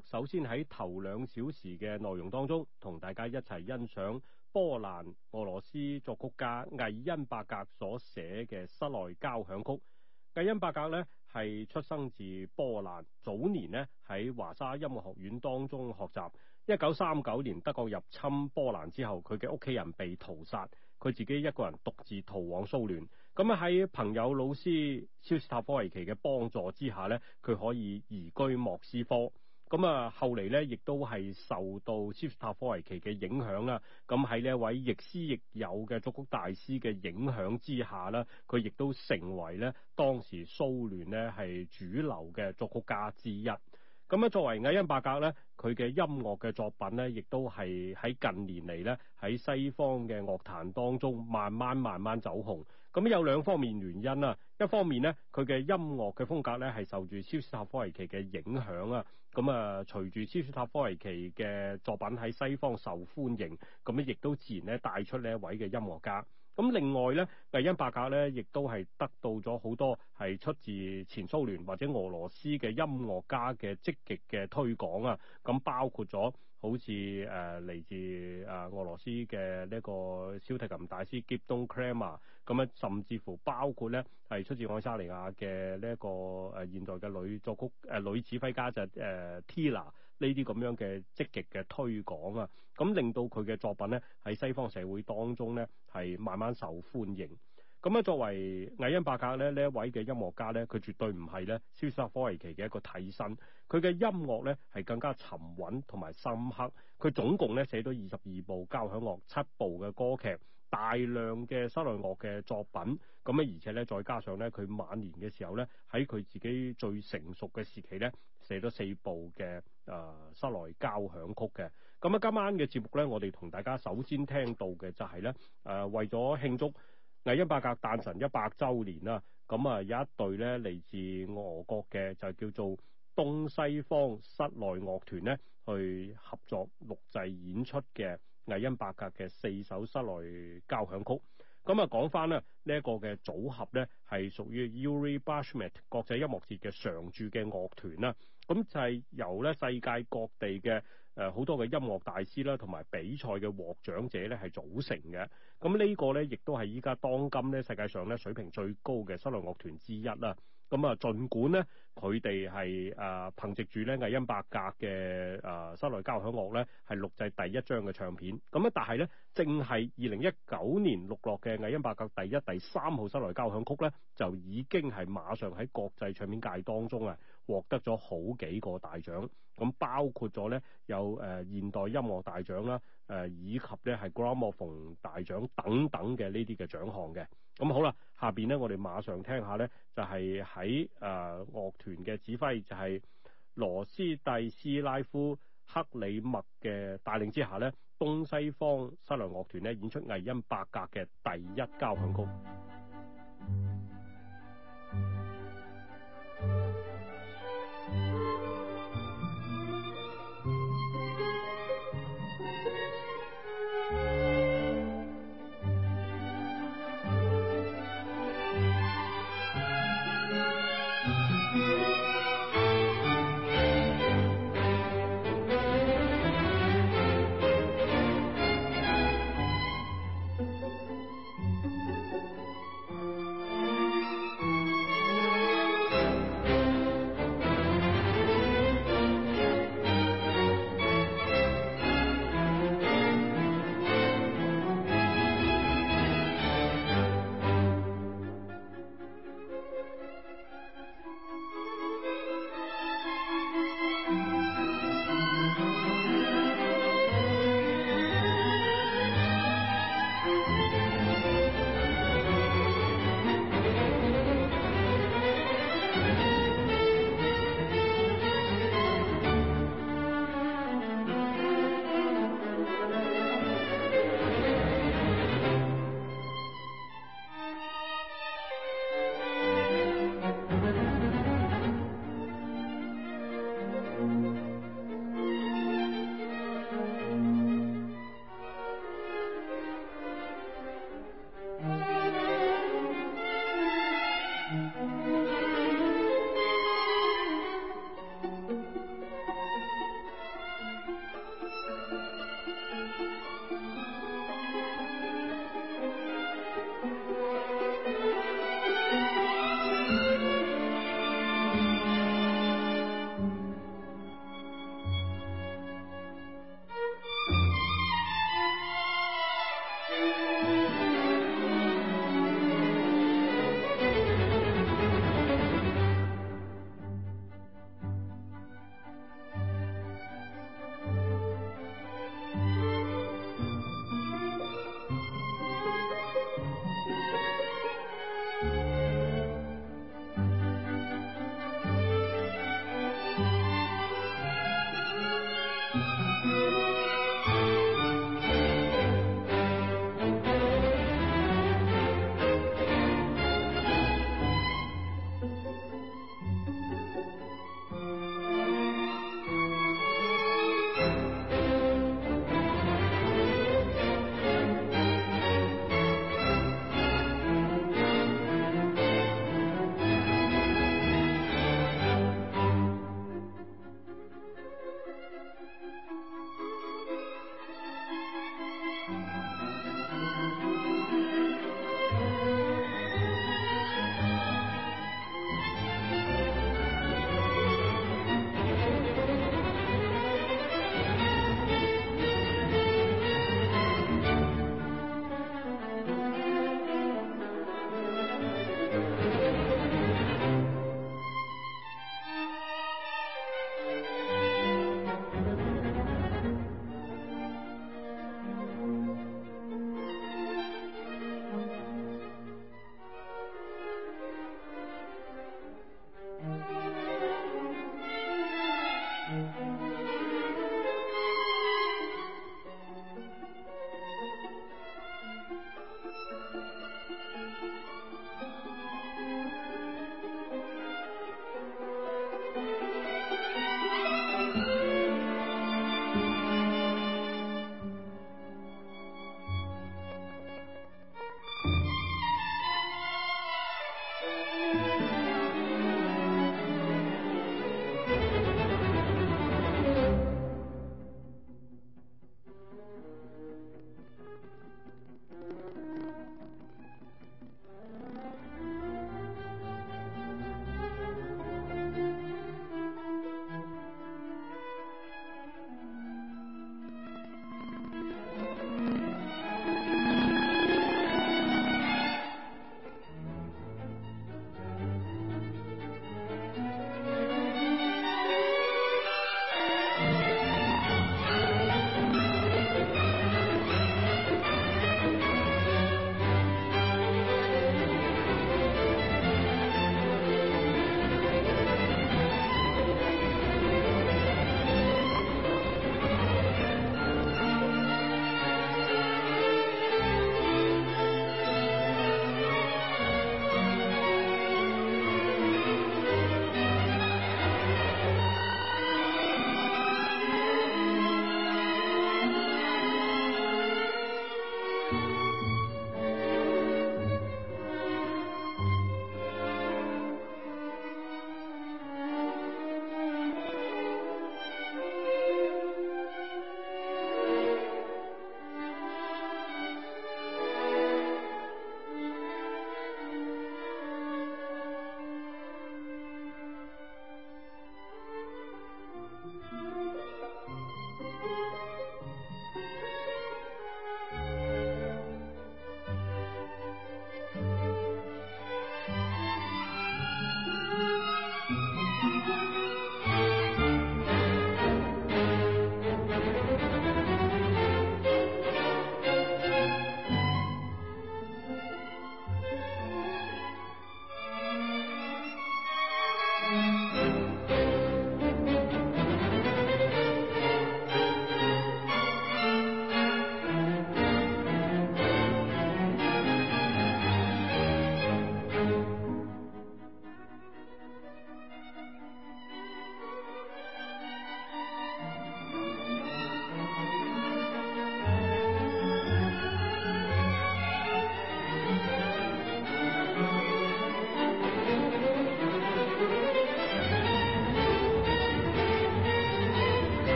首先喺頭兩小時嘅內容當中，同大家一齊欣賞波蘭俄羅斯作曲家魏恩伯格所寫嘅室內交響曲。魏恩伯格呢，係出生自波蘭，早年呢喺華沙音樂學院當中學習。一九三九年德國入侵波蘭之後，佢嘅屋企人被屠殺，佢自己一個人獨自逃往蘇聯。咁喺朋友老師肖斯塔科維奇嘅幫助之下呢，佢可以移居莫斯科。咁啊，後嚟咧，亦都係受到肖斯塔科維奇嘅影響啦。咁喺呢一位亦師亦友嘅作曲大師嘅影響之下咧，佢亦都成為咧當時蘇聯呢係主流嘅作曲家之一。咁咧，作為瓦因伯格咧，佢嘅音樂嘅作品咧，亦都係喺近年嚟咧喺西方嘅樂壇當中慢慢慢慢走紅。咁有兩方面原因啊，一方面咧，佢嘅音樂嘅風格咧係受住肖斯塔科維奇嘅影響啊。咁啊，隨住肖斯塔科維奇嘅作品喺西方受歡迎，咁咧亦都自然咧帶出呢一位嘅音樂家。咁另外咧，維恩伯格咧亦都係得到咗好多係出自前蘇聯或者俄羅斯嘅音樂家嘅積極嘅推廣啊。咁包括咗。好似誒嚟自誒、呃、俄羅斯嘅呢個小提琴大師傑東克雷馬，咁樣甚至乎包括咧係出自愛沙尼亞嘅呢一個誒、呃、現代嘅女作曲誒、呃、女指揮家就誒 Tina 呢啲咁樣嘅積極嘅推廣啊，咁令到佢嘅作品咧喺西方社會當中咧係慢慢受歡迎。咁咧，作為魏恩伯格咧呢一位嘅音樂家咧，佢絕對唔係咧肖斯塔科維奇嘅一個替身。佢嘅音樂咧係更加沉穩同埋深刻。佢總共咧寫咗二十二部交響樂、七部嘅歌劇、大量嘅室內樂嘅作品。咁咧，而且咧再加上咧，佢晚年嘅時候咧，喺佢自己最成熟嘅時期咧，寫咗四部嘅誒室內交響曲嘅。咁咧，今晚嘅節目咧，我哋同大家首先聽到嘅就係咧，誒為咗慶祝魏因伯格誕辰一百周年啦，咁啊有一對咧嚟自俄國嘅，就叫做東西方室內樂團咧，去合作錄製演出嘅魏因伯格嘅四首室內交響曲。咁啊講翻咧呢一個嘅組合咧，係屬於 Yuri Bashmet 國際音樂節嘅常駐嘅樂團啦。咁就係、是、由咧世界各地嘅。誒好多嘅音樂大師啦，同埋比賽嘅獲獎者咧係組成嘅。咁呢個咧，亦都係依家當今咧世界上咧水平最高嘅室內樂團之一啦。咁啊，儘管咧佢哋係誒憑藉住咧魏恩伯格嘅誒室內交響樂咧係錄製第一張嘅唱片，咁啊，但係咧正係二零一九年錄落嘅魏恩伯格第一、第三號室內交響曲咧，就已經係馬上喺國際唱片界當中啊，獲得咗好幾個大獎，咁包括咗咧有誒、呃、現代音樂大獎啦，誒、呃、以及咧係格拉莫馮大獎等等嘅呢啲嘅獎項嘅。咁好啦，下邊咧我哋馬上聽一下咧，就係喺誒樂團嘅指揮就係、是、羅斯蒂斯拉夫克里默嘅帶領之下咧，東西方室內樂團咧演出魏因伯格嘅第一交響曲。